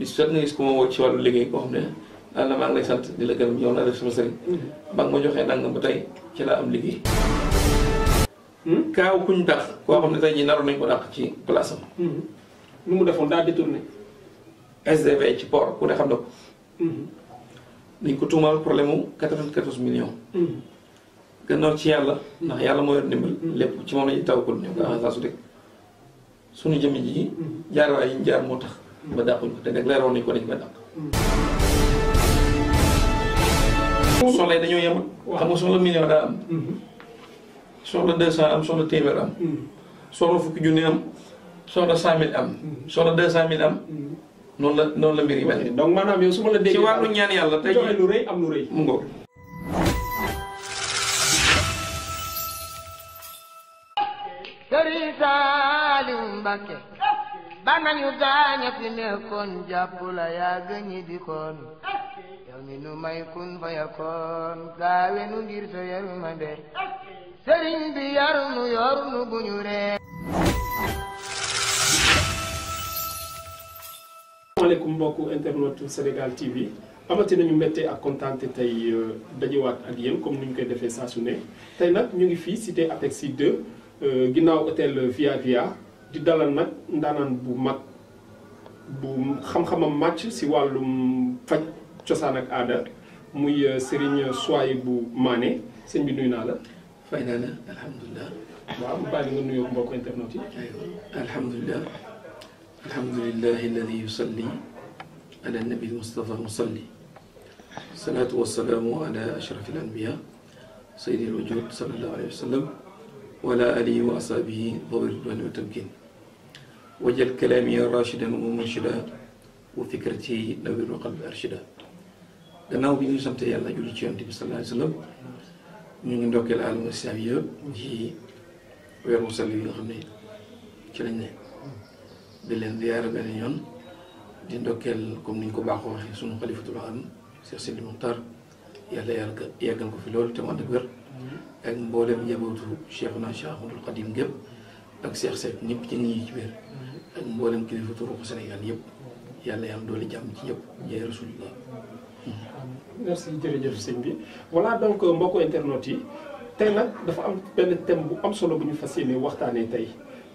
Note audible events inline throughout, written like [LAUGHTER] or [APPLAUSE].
bis sot nga gis liggéey koo xam ne daal la maa ngi sant di la gërëm yow naa def sama sëriñ mm-hmm. ba nga ma joxee nangam ba tey ci laa am liggéey mm-hmm. kaaw kuñ dàq koo xam ne tey jii naroon nañ ko dàq ci place am mm-hmm. nu mu defoon daal détourné SDV ci port ku ne xam na ko dañ ko tuumaal problème mu 94 millions gannaaw ci yàlla ndax yàlla moo yor ndimbal lépp ci moom la ñuy taw ko ñëw ko en saa su dëkk suñu jëmi ji jaarawaay yi ñu jaar moo tax ba dàqul ko te mm-hmm. yi dañoo yemal. xam nga soxla million daa am. Mm-hmm. soxla deux cent am soxla téeméer am. Mm-hmm. soxla fukki junni am. soxla cent mille am. soxla deux cent mille am. noonu la noonu la mbir yi mel. donc maanaam yow su ma la déggee ci wàllu ñaan yàlla tey joxe lu rëy am lu rëy mu ngoog. Sëriñ ba nañu gaaña fi nekkoon jàpp la yaa Sénégal TV amati nañu mbette ak kontaante tey euh, dajewaat ak yéen comme ni ñu koy defee saa su ne tey nag ñu ngi fii cité Apexi 2 euh, ginnaaw hôtel euh, Via Via di dalal nag ndaanaan bu mag bu xam-xamam màcc si wàllum faj cosaan ak aada muy Serigne Souhaïbou Mané sëñ bi nuyu naa la. fay naa la alhamdulilah. waaw mu bàyyi nga nuyoo mbokk internet yi. alhamdulilah. alhamdulilah alladhi yusalli ala nabi Mustafa musalli. salaatu wa salaamu ala ashrafil anbiya sayyidil wujud sallallahu alayhi wa sallam wa ala alihi wa ashabihi dawi ridwani wa tamkin وجل كلامي راشدا ومنشدا وفكرتي نوير وقلب ارشدا لانه بيني سمت يلا جولي جون تي صلى الله عليه وسلم ني ني دوك العالم السامي جي وير مصلي لي خمني تي لاني دي لين ديار بني يون دي دوكل كوم ني كو باخو واخي سونو خليفه الرحمن شيخ سيدي مختار يلا يلا يغن كو في لول تي مون دغور اك مبولم نيبوتو شيخنا شيخ عبد القديم جيب اك شيخ سيد نيب تي ني جبير ak mboolem kilifa turuqu Sénégal yëpp yàlla yàlla doole jàmm ci ñëpp yaay rasulullah merci jërëjëf sëñ bi voilà donc euh, mbokku internautes yi tey nag dafa am benn thème bu am solo bu ñu fas yéene waxtaanee tey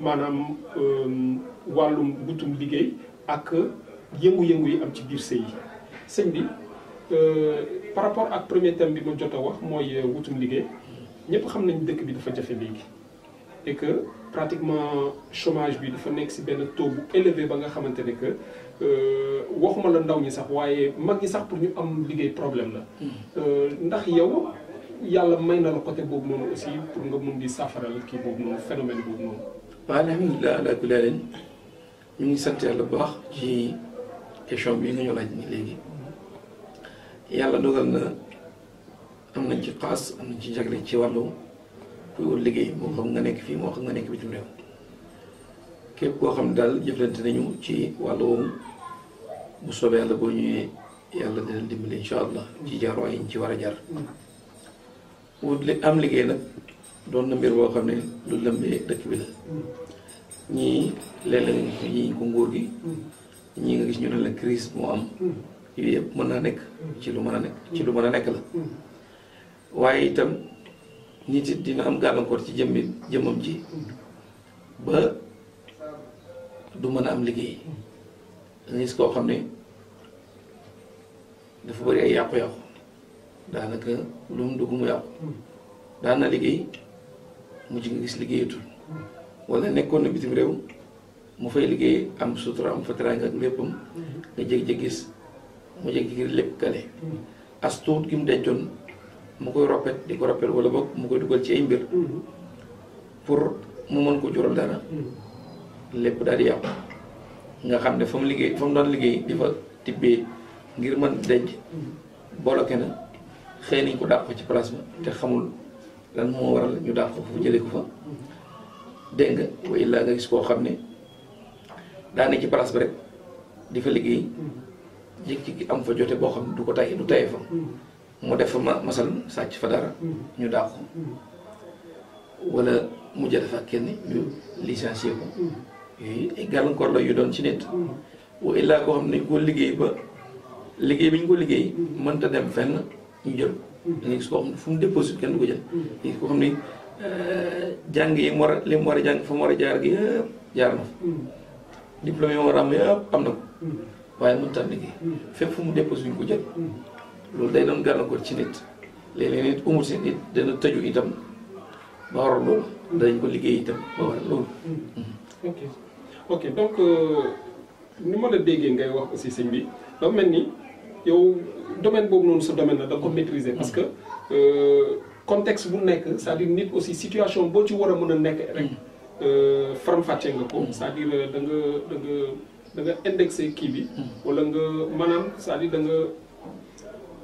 maanaam euh, wàllum gutum liggéey ak yëngu yi am ci biir sëy yi sëñ bi euh, par rapport ak premier thème bi ma jot a wax mooy wutum liggéey ñëpp xam nañ dëkk bi dafa jafe léegi. et que pratiquement chômage bi dafa nekk si benn taux bu élevé ba nga xamante ne que euh, waxuma la ndaw ñi sax waaye mag ñi sax pour ñu am liggéey problème la. Hmm. Euh, ndax yow yàlla may na la côté boobu noonu aussi pour nga mun di saafaral kii boobu moom phénomène boobu noonu. waaw alhamdulilah ala kulli leen ñu ngi sant yàlla bu baax ci question bi nga ñu laaj ni léegi yàlla dogal na am na ci xaas am na ci jagle ci wàllu. kuy wut liggéey moo xam nga nekk fii moo xam nga nekk bitim réew képp koo xam ne daal jëflante nañu ci wàllu woowu bu soobee la boo ñëwee yàlla dina dimbali incha allah ci jaarwaay yi ñu ci war a jar wut li am liggéey nag doon na mbir boo xam ne lu lëmbee dëkk bi la ñii léeg-léeg nga gis ñu ne la crise moo am yooyu yëpp mën naa nekk ci lu mën a nekk ci lu mën a nekk la mm. waaye itam nit dina am gàllankoor ci jëmmi jëmmam ji ba du mën a am liggéey nga gis koo xam ne dafa bëri ay yàqu-yàqu daanaka lu mu dugg mu yàqu daan na liggéey mu ci nga gis liggéeyatul wala nekkoon na bitim réew mu fay liggéey am sutura am fa ak léppam nga jég-jég gis mu jég-jég lépp kale as gi mu dencoon mu koy roppet di ko roppet wala boog mu koy dugal ci ay mbir mhm. pour mu mën ko jural dara mhm. lépp daal di yàqu nga xam ne fa mu liggéey fa mu doon liggéey di fa tibbee ngir mën denc mhm. bloqué na xëy nañ ko dàq ci place ba te xamul lan moo waral ñu dàq jëlee ko fa dégg nga waaye nga gis koo xam ne daa ne ci place ba rek di fa liggéey jékki-jékki am fa jote boo xam ne du ko tay du taye fa mu def fa ma masal sàcc fa dara mhm. ñu dàq ko mhm. wala mu jël fa kenn ñu licencié ko mhm. yooyu ay gàllankoor la yu doon ci net wa illaa koo xam ne koo liggéey ba liggéey bi ñu ko liggéey mënta dem fenn ñu jël da nga gis xam ne fu mu déposé kenn du ko jël da gis koo xam ne euh, jàng yi mu war a li mu war a jàng fa mu war a jaar gi yëpp jaar na fa diplôme yi mu yëpp am na ko waaye mënta am liggéey fépp fu mu déposé ñu ko jël loolu day doon ko ci nit léeg nit umu ci nit dana teju itam ba waral loolu danañ ko liggey itam ba war loolu hmm. ok ok donc euh, ni ma la déggee ngay wax aussi sëñ bi ba melni yow domaine bobu non sa domaine la da ko maîtriser parce que euh, contexte bu nek ça dit nit aussi situation bo ci wara meuna nek rek hmm. euh, rek faram-fàcce nga ko ça hmm. dit euh, da nga da nga da nga indexer ki bi wala nga manam ça dit da nga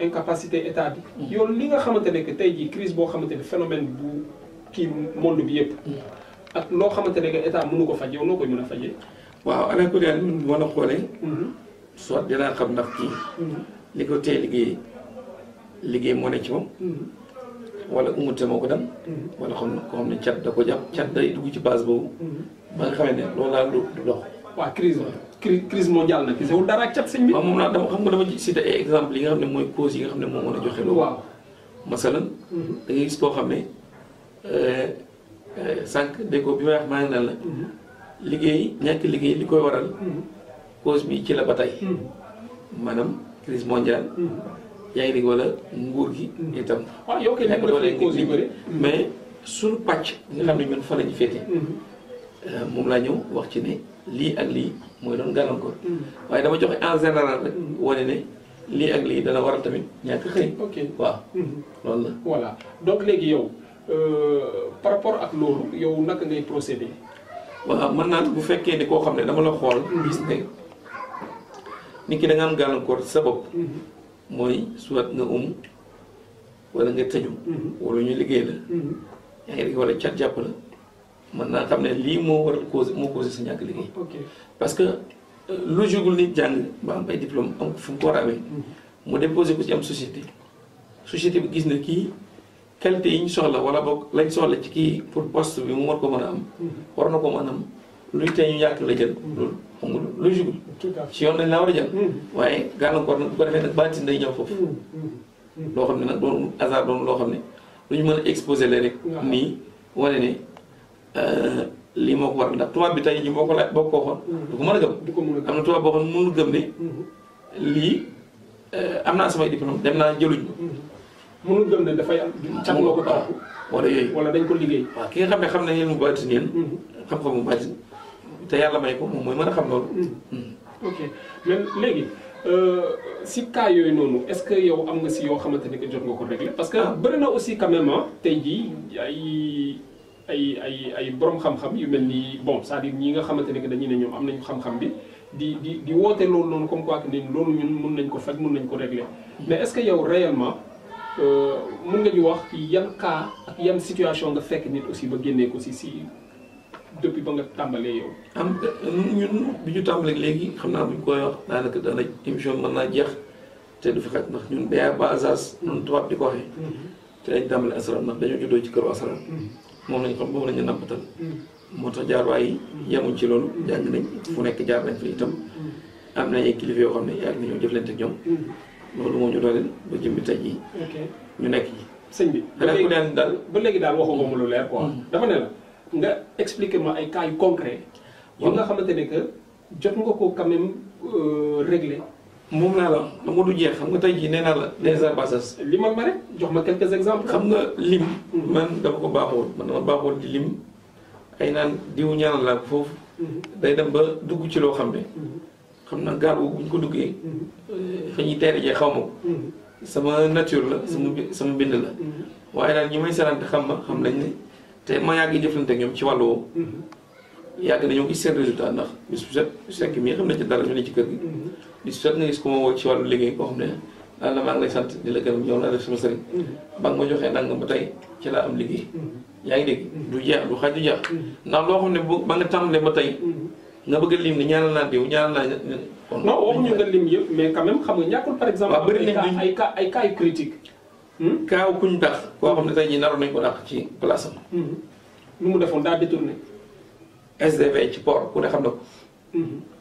incapacité état bi. yow li nga xamante ne que tey jii crise boo xamante ne phénomène bu kii monde bi yëpp. ak loo xamante ne que état ko faj yow noo koy mën a fajee. waaw ala kulli aal ñun mhm. xam ndax kii. Mhm. li ko tee liggéey liggéey moo ci moom. Mhm. wala moo ko dem. wala xam ko xam ne cat da ko jàpp cat day dugg ci base boobu. ba nga xamee ne loolu daal du dox. waaw crise la crise mondiale nag gisewul dara ak cat bi waaw moom naa dama xam nga dama cité ay exemple yi nga xam ne mooy cause yi nga xam ne moo mën a joxe loolu waaw mhm. da ngay gis koo xam ne euh, euh, sànq dégg maa ngi naan la mhm. liggéey ñàkk liggéey li koy waral mhm. cause bi ci la ba tey maanaam crise mondiale yaa ngi dégg wala nguur gi itam waaw yow kay nekk yu bëri mais suñu pàcc nga xam ne ñun fa la ñu féete euh, moom laa ñëw wax ci ne lii ak lii mooy doon gàllankoor hmm. waaye dama joxe en général rek hmm. wane ne lii ak lii dana a tamit ñàkk xëy ok waaw hmm. loolu la voilà donc léegi yow euh, par rapport ak loolu yow naka ngay procéder waa mën naa bu fekkee ni koo xam ne dama la xool gis ne nit ki da am gàllankoor sa bopp mooy soit nga um wala nga tëju wala ñu liggéey la yaa ngi wala cat jàpp la mën naa xam ne lii moo waral cause moo causé sa ñàkk liggéey. parce que euh, lu jugul nit jàng ba am ay diplôme am fu mu ko war a amee. Mhm. mu déposé ko ci am société. société bi gis na kii qualité yi ñu soxla wala boog lañ soxla ci kii pour poste bi mu war ko mën a am. Mhm. war na ko mën a am lu tey ñu ñàkk la jël. Mhm. loolu xam nga lu jugul. ci yoon lañ laa war a jël. waaye gàllankoor nag bu ko defee nag baatin day ñëw foofu. loo xam ne nag doon hasard doon loo xam ne lu ñu mën a exposé la rek. nii wane ne. Euh, lii moo ko waral ndax tubaab bi tey jii boo ko laaj boo ko waxoon. Mm-hmm. du ko mën a gëm. du ko mën a am na tubaab boo xam ne mënul gëm ne. Mm-hmm. lii euh, am naa samay diplôme dem naa jëluñ ma. Mm-hmm. gëm ne dafay wala yooyu wala dañ ko liggéey. ki nga xam ne xam nañ leen mu baatin yéen. xam te yàlla may ko moom mooy mën a xam loolu. ok léegi. Euh, si cas yooyu noonu est-ce que yow am na si yoo xamante ne que jot nga ko réglé. parce que ah. bëri na aussi quand même ah, tey jii ay ay ay borom xam-xam yu mel bom bon c'est-à-dire ñi nga xamante ne que dañuy ne ñoom am nañu xam-xam bi di di di woote loolu non comme quoi que ni loolu ñun mun nañ ko faj mun nañ ko régler mais est ce que yow réellement euh, mun nga ñu wax yan cas ak yan situation nga fekk nit aussi ba génnee ko si si depuis ba nga tàmbalee yow. am ñun bi ñu tàmbalee léegi xam naa bu ñu koy wax daanaka dana émission mën naa jeex te du fi xaj ñun ba ba asas ñun tubaab di ko waxee. Mm-hmm. te dañ tàmbalee asalaam ndax dañoo juddoo ci këru asalaam. Mm-hmm. moom lañ xam moom lañ ñu nàmpatal mm. moo tax jaarwaay yi yemuñ ci loolu jàng nañ fu nekk jaar nañ fa itam mm. am na ay kilifa yoo xam ne yàgg nañoo jëflante ak ñoom mm. loolu moo ñu dooleel ba jëm bi tey ñu nekk ji sëñ bi ba léegi daal ba léegi daal waxu ko mu lu leer quoi dama ne la nga expliquer ma ay cas yu concret yu nga xamante ne que jot nga ko quand même euh, moom naa la xam nga du jeex xam nga tey jii nee naa la les ambassades. limal ma rek jox ma quelques exemple xam nga lim. man dama ko baaxoon man dama baaxoon di lim ay naan diw ñaanal laa ko foofu. day dem ba dugg ci loo xam ne. xam na gaal boobu bu ñu ko jee xaw ma sama nature la sama sama bind la. waaye daal ñi may sarante xam ma xam nañ te ma yàgg jëflante ak ñoom ci wàll woowu. yàgg nañoo gis seen résultat ndax bis bu set sekk mii xam nañ ci dara ne ci kër gi. di sot nga gis ku ma ci wàllu liggéey koo xam ne naan la maa ngi lay sant di la gërëm ñëw naa def sama sëriñ mm-hmm. ba nga ma joxee nangam ba tey ci laa am liggéey mm-hmm. yaa ngi dégg du jeex du xaj du jeex mm-hmm. ndax loo xam ne ba nga tàmbalee ba tey nga bëgg a lim ni ñaanal naa diw ñaanal naa kon non ñu nga lim yëpp mais quand même xam nga ñàkkul par exemple bëri nañ ay ay cas yu critique kaaw hmm? kuñ dàq koo xam ne tey jii naroon nañ ko dàq ci place am hmm. nu mu defoon daa détourné SDV ci port ku ne xam na ko hmm.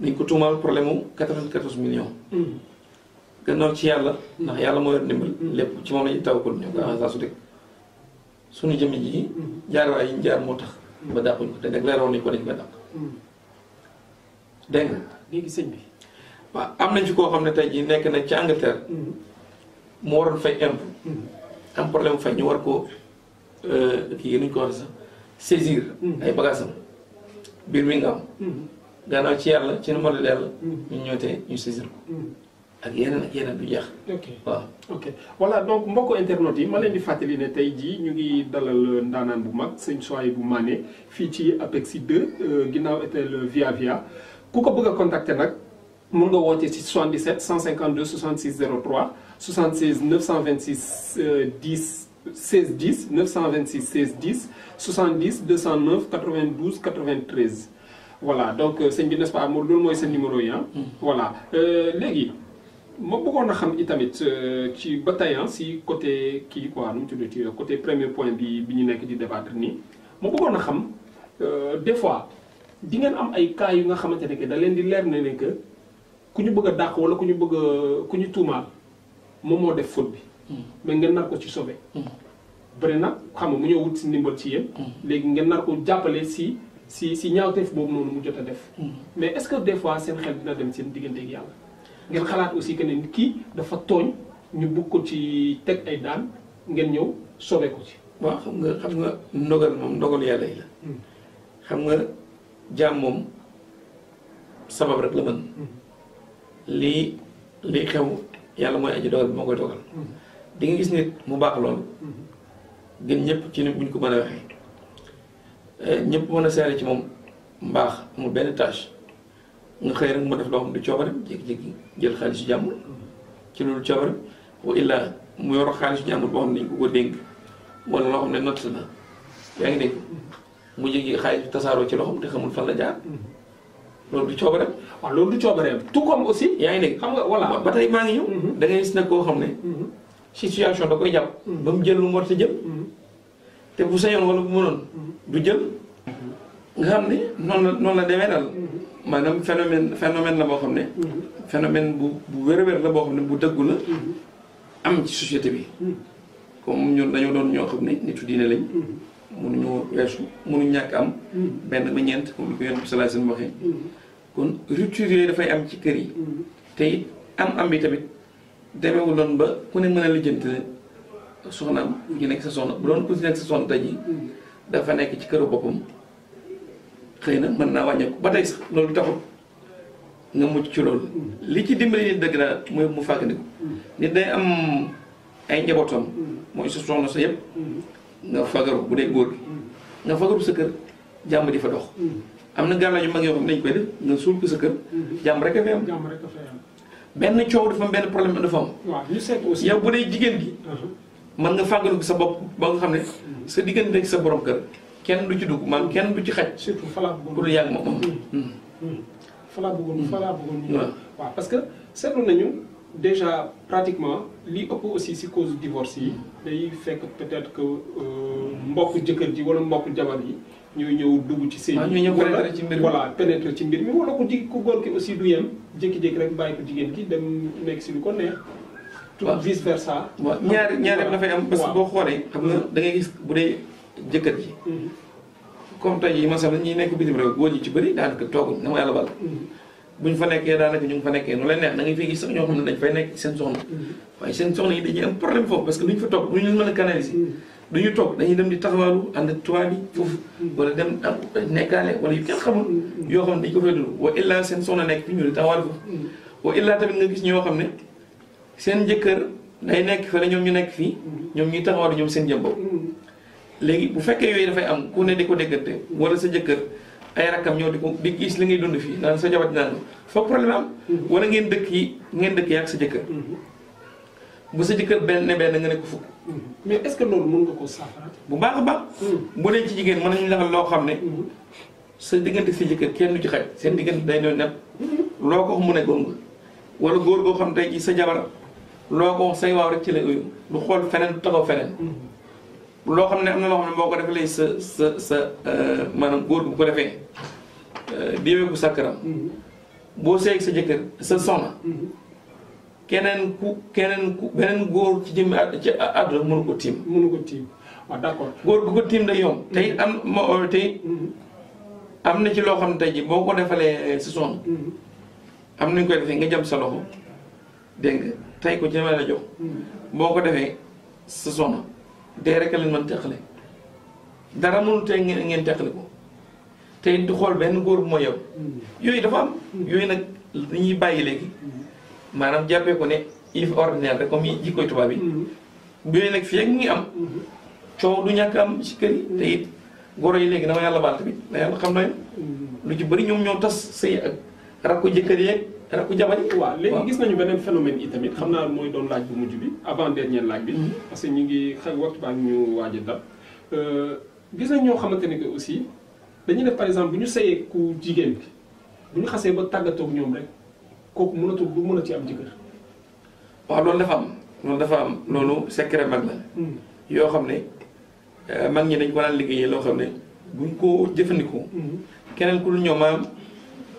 dañ ko tuumaal problème mu 94 millions. Mm-hmm. gannaaw ci yàlla. ndax mm-hmm. yàlla moo yor ndimbal. Mm-hmm. lépp ci moom la ñuy taw ko ñoom ko en ji. jaarawaay yi jaar moo tax. ba dàquñ ko te nag ko dañ koy dàq. dégg nga. léegi sëñ bi. waaw am nañ koo xam ne tey jii nekk na ci Angleterre. mu war ko euh, kii nuñ ko waxee sax saisir. ay bagages am biir mi nga am. gannaaw ci yàlla ci nu hmm. ñu ñëwtee ñu saisir hmm. ak yeneen yeneen du jeex waaw ok voilà donc mbokku internautes yi ma leen di fàttali ne tey jii ñu ngi dalal euh, ndaanaan bu mag sëñ bu Mané fii ci APEXI 2 euh, ginnaaw le Via Via ku ko bëgg a contacter nag mun nga woote ci 77 152 66 03 76 926 10 16 10 926 16 10 70 209 92 93 voilà donc euh, sëñ bi n'est-ce pas moom loolu mooy seen numéro yi hein. mm. voilà euh légui mo bëggona xam itamit euh, ci ba tey hein, si côté kii quoi nous mu tuddati euh, côté premier point bi bi ñu nekk di débattre ni mo bëggona xam euh des fois di ngeen am ay cas yu nga xamante ne da leen di leer ne ne que ku ñu bëgg a wala ku ñu bëgg a ku ñu tuumaal moom moo def foot bi. Mm. mais ngeen nar ko ci sauver. Mm. bëri na xam nga mu ñëw wut si ndimbal ci yeen légui ngeen nar ko jàppale si. si si ñaawteef boobu noonu mu jot a def. Hmm. mais est ce que des fois seen xel dina dem seen diggante ak yàlla. ngeen xalaat aussi que ne nit kii dafa tooñ ñu bugg ko ci teg ay daan ngeen ñëw sobe ko ci. waaw xam nga xam nga ndogal moom ndogal yàlla yi la. Hmm. xam nga jaam moom sabab rek la mën. Hmm. lii lii xew yàlla mooy aji dogal bi moo koy dogal. di nga gis nit mu baax lool. gën ñëpp ci ni buñ ko mën a waxee. ñëpp mën a seere ci moom mbaax amul benn tâche nga xëy rek mu def loo xam du coobareem jékki-jékki jël xaalis yu jàmbur ci loolu coobareem wa mu yor xaalis yu jàmbur boo ko ko dénk wala loo xam mu jékki xaalis tasaaroo ci loxoom te xamul fan la jaar loolu du coobareem. loolu du coobareem tout comme aussi. yaa ngi ne xam nga voilà ba tey maa ngi ñëw. Mm-hmm. da ngay nag koo xam ne. Mm-hmm. situation da koy jàpp. Mm-hmm. ba mu jël lu mu war a jël. te bu sañoon wala bu mënoon mm-hmm. du jël mm-hmm. nga xam ne noonu la noonu la demee daal mm-hmm. maanaam phénomène phénomène la boo xam ne phénomène bu bu wér-wér la boo xam ne bu dëggu la am ci société bi comme ñun dañoo doon ñoo xam ne nitu diine lañ mënuñoo weesu mënuñ ñàkk am benn ba ñeent comme li ko yonent bi sallallahu alayhi kon rupture yooyu dafay am ci kër yi te am am bi tamit demeewul doon ba ku ne mën a lijjanti soxnaam ku ci nekk sa soxna bu doon ku ci nekk sa soxna tey jii dafa nekk ci këru boppam xëy na mën naa wàññeeku ba tey loolu taxul nga mucc ci loolu li ci dimbali nit dëgg naa mooy mu fàggandiku nit day am ay njabootam mooy sa soxna sa yëpp nga fagaru bu dee góor gi nga fagaru sa kër jàmm di fa dox am na gàlla yu mag yoo xam ne koy def nga suul sa kër jàmm rek a fi am benn coow dafa am benn problème dafa am yow bu dee jigéen gi uh-huh. man nga fagalu sa bop ba nga xamne sa diggante sa borom kër kenn du ci dugg man kenn du ci xaj. surtout falaa bëggoon pour yàgg hmm. hmm. fala bu bëggoon fala bu hmm. waaw wa parce que seetlu nañu déjà pratiquement li ëpp aussi ci cause divorce yi day fekk peut-être que euh, mbokk jëkkeer ji wala mbokk jabar yi. ñooy ñëw dugg ci sëy ah, bi ñëw pénétrer ci mbir mi voilà pénétrer ci mbir mi wala ko di ko gor ki aussi du yem jékki jëk rek bàyyi ko ki dem nek ci lu ko neex. waaw vice versa. waaw xoolee. xam nga da ngay gis bu dee jëkkër ji. Mm-hmm. nekk bitim réew góor ñi ci bëri daanaka tooguñ na ma yàlla bal mm-hmm. buñ da ngay fay gis sax ñoo xam ne dañ fay nekk seen soxna mm-hmm. waaye seen soxna yi dem di taxawaalu ànd ak tubaab bi foofu wala dem am nekkaale wala yu kenn xamul yoo xam ne dañ ko fay dund wa illaa seen soxna nekk fi ñu di foofu wa illaa tamit nga gis ñoo xam ne seen jëkkër day nekk fële ñoom ñu nekk fii ñoom ñuy taxawal ñoom seen jëm bopp léegi bu fekkee yooyu dafay am ku ne di ko déggante wala sa jëkkër ay rakkam ñoo di ko di gis li ngay dund fii naan sa jabat naan foog problème am wala ngeen dëkk yi ngeen dëkk yaak sa jëkkër bu sa jëkkër benn ne benn nga ne ko fukk mais est-ce que loolu mën nga ko saafara bu baax a baax hmm. bu dee ci jigéen mën nañu defal loo xam ne hmm. sa diggante sa jëkkër kenn du ci xaj seen diggante day doon nepp hmm. loo ko mën a góor nga wala góor goo xam tey ci sa jabar loo ko wax say waaw rek ci la uyu du xool feneen du taxaw feneen mm-hmm. loo xam ne am na loo ne boo ko defee sa sa sa euh, maanaam góor bu ko defee euh, déwéeku sàkkaram mm-hmm. boo seeg sa jëkkër sa soxna mm-hmm. ku keneen ku beneen góor ci jëmmi ci àdduna mënu ko ko tiim waaw ah, d'accord góor gu ko tiim day yomb tey am moo euh, na ci loo xam ne tey ji boo ko defalee sa soxna am nañu koy defee nga jam sa loxo dégg nga tay ko jëmee rajo boo ko defee sa soxna dee rek leen mën teqale dara mënu tey ngeen ngeen teqale ko tey du xool benn góor bu mooy yow yooyu dafa am yooyu nag dañuy bàyyi léegi maanaam jàppee ko ne if ordinaire rek comme jikkoy tubaab yi yooyu nag fii ak mu ngi am coow du ñàkk am ci kër yi te it goro yi léegi dama yàlla baal tamit na yàlla xam na lu ci bari ñoom ñoo tas sëy ak rakku jëkkër yeeg rakku jabar yi waaw léegi gis nañu beneen phénomène yi tamit xam naa mooy doon laaj bu mujj bi avant dernier laaj bi mm-hmm. parce que ñu ngi xëy waxtu baa ñu waaj a dab euh, gis nañ ñoo xamante ne que aussi dañuy ne par exemple bu ñu sëyee ku jigéen bi bu ñu xasee ba tàggatoog ñoom rek kooku mënatul du mën a ci am jëkkër waaw loolu dafa am loolu dafa am loolu secret mag la mm. yoo xam ne euh, mag ñi dañ ko daan liggéeyee loo xam ne buñ ko jëfandikoo mm-hmm. keneen ku dul ñoom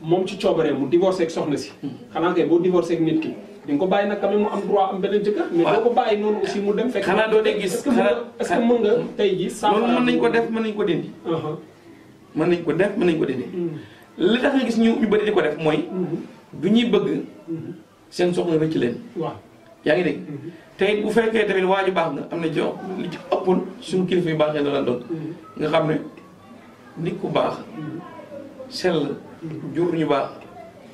moom ci coobaree mu divorcé ak soxna si. Hmm. xanaa kay boo divorcé ak nit ki di nga ko bàyyi nag quand même mu am droit am beneen jëkkër. mais doo ko bàyyi noonu aussi mu dem. fekk xanaa doo dee nga tey jii. loolu mën nañ uh-huh. ko def mën nañ ko dindi. mën nañ ko def mën nañ ko dindi. li tax gis ñu ñu bëri di ko def mooy. Hmm. du ñuy bëgg. Hmm. seen soxna rëcc leen. waaw yaa ngi dégg. tey bu fekkee tamit waa ju baax nga am na jo li ci ëppoon suñu kilifa yu baaxee la doon. nga xam ne nit ku baax. sel jur ñu baax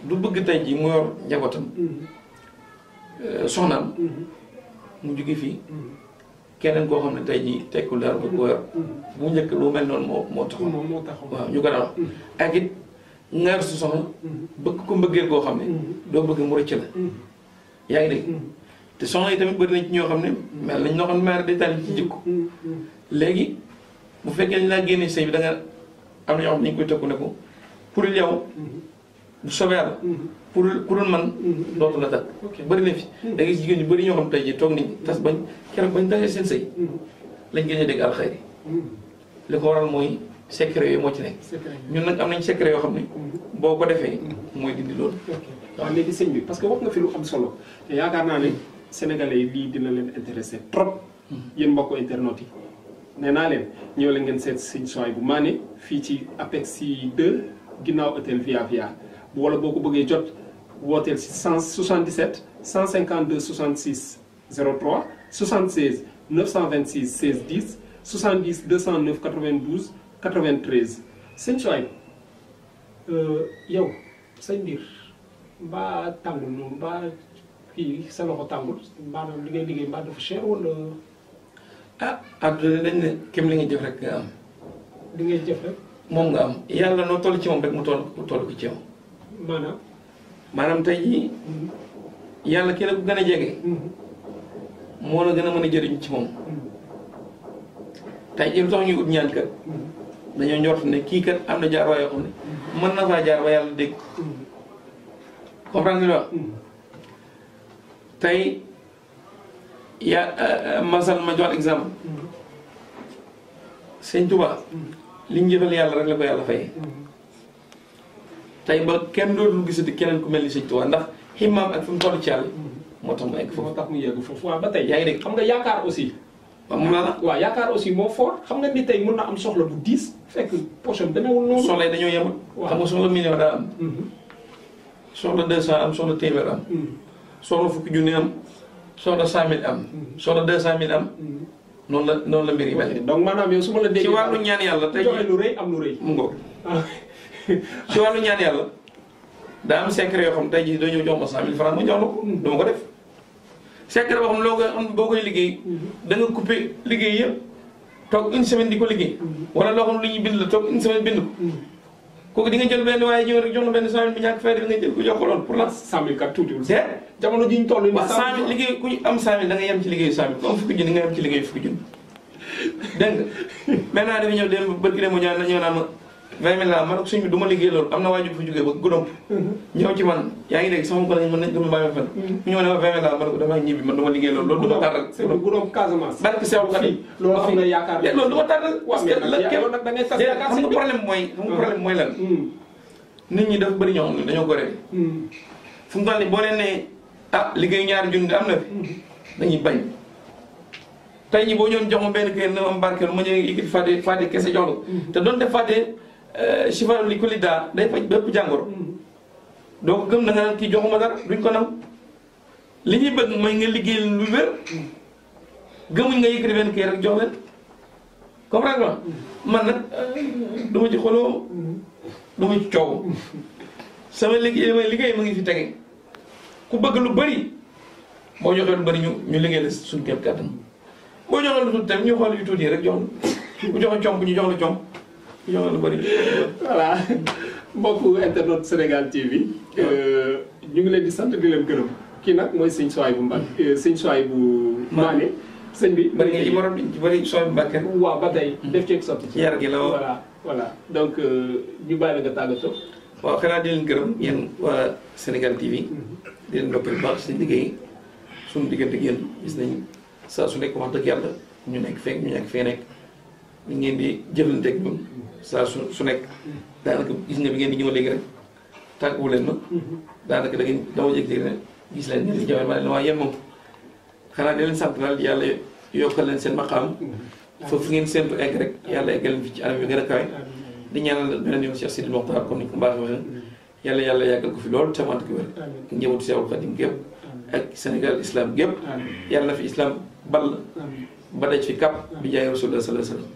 du bëgg tey ji mu yor njabootam euh, soxnaam mu jóge fii keneen koo xam ne tey ji tekkul dara bëgg ko yor bu njëkk lu mel noonu moo moo taxaw waaw ñu ko dara ak it ngaar su soxna bëgg ko mbëggeel koo xam ne doo bëgg mu rëcc la yaa ngi dégg te soxna yi tamit bëri na ci ñoo xam ne mel nañ noo xam ne maire ci jikko léegi bu fekkee ñu laa génne bi da nga am na ñoo xam ne ñu koy tëkku ne ko pour yow bu soobee yàlla pour pour man dootu la dal bëri na fi hmm. da ngay jigéen ñu bëri ñoo xam tey jii toog nañ tas bañ keroog bañ tasee seen sëy hmm. lañ gën a dégg alxayri hmm. li ko waral mooy secret yooyu moo ci nekk ñun nag am nañ secret yoo xam ne boo ko defee mooy dindi loolu waaw léegi señ bi parce que wax nga fi lu am solo yaakaar naa ne sénégalais yi lii dina leen intéressé trop yéen mbokk internautes yi nee naa leen ñëw la ngeen seet sëñ Souhaïbou Mané fii ci APEXI ginnaaw hôtel Via Via wala boo ko bëggee jot wooteel si 77 152 66 03 76 926 16 10 70 209 92 93 sëñ Soy euh, yow say mbir mbaa tàngul noonu mbaa kii sa loxo tàngul maanaam li ngay liggéey mbaa dafa cher wala. ah Abdoulaye dañ ne kéem li nga jëf rek nga am. li ngay jëf rek. moom nga am yàlla noo toll ci moom rek mu toll mu toll ko ci yow. maanaam. maanaam tey mm-hmm. yàlla kii la ko gën a jege. Mm-hmm. moo la gën a mën a jëriñ ci moom. Mm-hmm. tey njort ne kii kat am na jaar mën na faa jaar yàlla dégg. tey ya euh, euh, masal ma jox exemple. sëñ Tuba. li jëfal yàlla rek la ko yàlla fay tey ba kenn dootul gisati keneen ku mel ni sëñ Tuubaa ndax ximmaam ak fi mu toll ci moo tax mu egg foofu moo tax mu ba tey yaa ngi xam nga yaakaar aussi waaw mun naa yaakaar aussi moo fort xam nga ni tey mun na am soxla bu diis fekk poche am demeewul noonu soxla yi dañoo yemal xam nga soxla million daa am mhm. soxla deux cent am soxla téeméer am mhm. soxla fukki junni am soxla cent am mhm. soxla deux cent mille am noonu la noonu la mbir yi mel. donc maanaam yow su ma la déggee. ci wàllu ñaan yàlla tey joxe lu rëy am lu rëy. mu ngoog ah. yàlla daa am secret yoo xam tey jii dañoo jox ma 100000 francs mm-hmm. ko def. secret boo xam loo koy am boo koy liggéey mm-hmm. da nga liggéey yëpp toog une semaine di ko liggéey. Mm-hmm. wala loo xam lu ñuy bind la toog une semaine bind kooku di nga jël benn waaye ñëw rek jox la benn cent mille bu ñàkk fayda bi jël ko jox loolu pour lan. cent mille kat tuutiwul. te eh? jamono ji ñu toll nii. waaw cent mille ku am cent mille da ci liggéeyu cent mille fukki junni nga yem ci liggéeyu fukki junni [LAUGHS] dégg nga maintenant ñëw dem ba kii dem mu ñaan na ñëw naan ma vingt mille laa man suñ bi du ma liggéey loolu am na waajur fu jógee ba gudóom mhm. ñëw ci man yaa ngi dégg sama ko lañ mën nañ gëm bàyyi fen mhm. ñu ñëw ne ma vingt mille laa man ko damay ñibbi man du ma liggéey loolu loolu du ma tàrral gudóom Casamance barke Seexu Xaadim loolu am na yaakaar loolu du ma tàrral parce que la kenn nag da ngay sas yaakaar xam nga problème mooy xam nga problème mooy lan mhm. nit ñi dafa bëri ñoo xam ne dañoo gore fu mu toll nii boo leen ne ah liggéey ñaari junni am na fi dañuy bañ tey ñi boo ñoon jox ma benn kër na am barkeelu ma ñëw yëkkati fàtte fàtte kese jox la te doonte fàtte chifaa'un eh, li kulli daa day faj bépp jàngoro doo ko gëm na nga naan kii joxuma dara duñ ko nam li ñuy bëgg mooy nga liggéey lu wér gëmuñ nga yëkkati benn kii rek jox leen eh, du ci xoloo du ma ci coow liggéey may ngi fi tege ku bëgg lu bari boo joxee lu bëri ñu ñu liggéey la suñu képp kàttan boo joxee lu tuuti tamit ñu xool yu tuuti rek jox la ku joxe comp ñu jox la comp yoon iya, lu bari voilà mbokku internet Sénégal TV euh, ñu ngi leen di sant di leen gërëm kii nag mooy sëñ Sowaay bu Mbacke euh, sëñ Sowaay bu Maane sëñ bi bari nga ci morom bi ci bari Sowaay bu Mbacke waaw ba tey mm-hmm. def ceeg sotti ci yar gi la voilà voilà donc euh, ñu bàyyi la nga tàggatoo waaw xanaa di leen gërëm yéen waa Sénégal TV mm-hmm. di leen ndoppil baax seen liggéey suñu diggante yéen gis nañ saa su nekk wax dëgg yàlla ñu nekk fekk ñu nekk fee nekk ngeen di jëflanteeg ñun saa su su nekk daanaka gis nga bi ngeen di ñëw léegi rek tàggu leen ma daanaka da ngeen dama jékki-jékki ne gis leen ngeen di jafe ma ne xanaa di sant daal yàlla yokkal leen seen maqaam foofu ngeen séntu egg rek yàlla eggal leen fi ci anam yu gën a di ñaanal beneen yoon Cheikh Sidi Mokhtar comme ni ko mbaax waxee yàlla yàlla yàggal ko fi loolu tamant ko wér njëwatu Seexul Xadim gépp ak Sénégal islam gépp yàlla na fi islam ball ba daj fi kàpp bi jaay rasulullah sallallahu alayhi wa